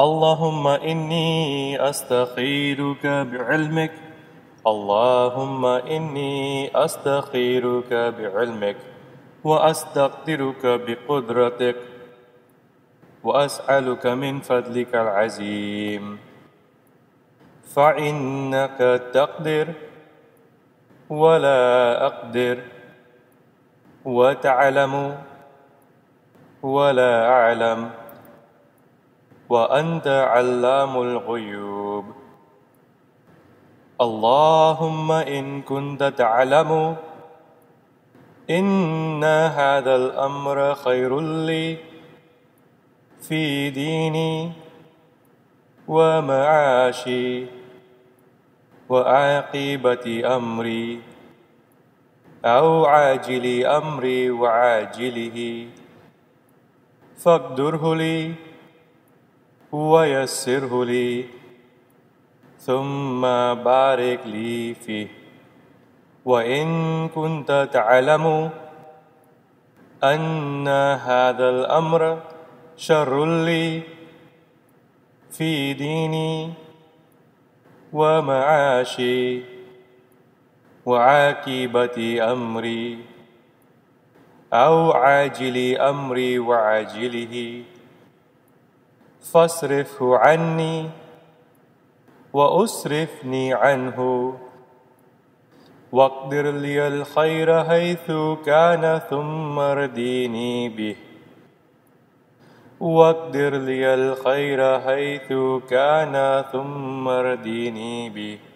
اللهم إني أستخيرك بعلمك اللهم إني أستخيرك بعلمك وأستقدرك بقدرتك وأسألك من فضلك العظيم فإنك تقدر ولا أقدر وتعلم ولا أعلم وأنت علام الغيوب اللهم إن كنت تعلم إن هذا الأمر خير لي في ديني ومعاشي وعاقبة أمري أو عاجل أمري وعاجله فاقدره لي ويسره لي ثم بارك لي فيه وإن كنت تعلم أن هذا الأمر شر لي في ديني ومعاشي وعاقبة أمري أو عاجل أمري وعاجله فاصرفه عني واصرفني عنه واقدر لي الخير حيث كان ثم رديني به واقدر لي الخير حيث كان ثم رديني به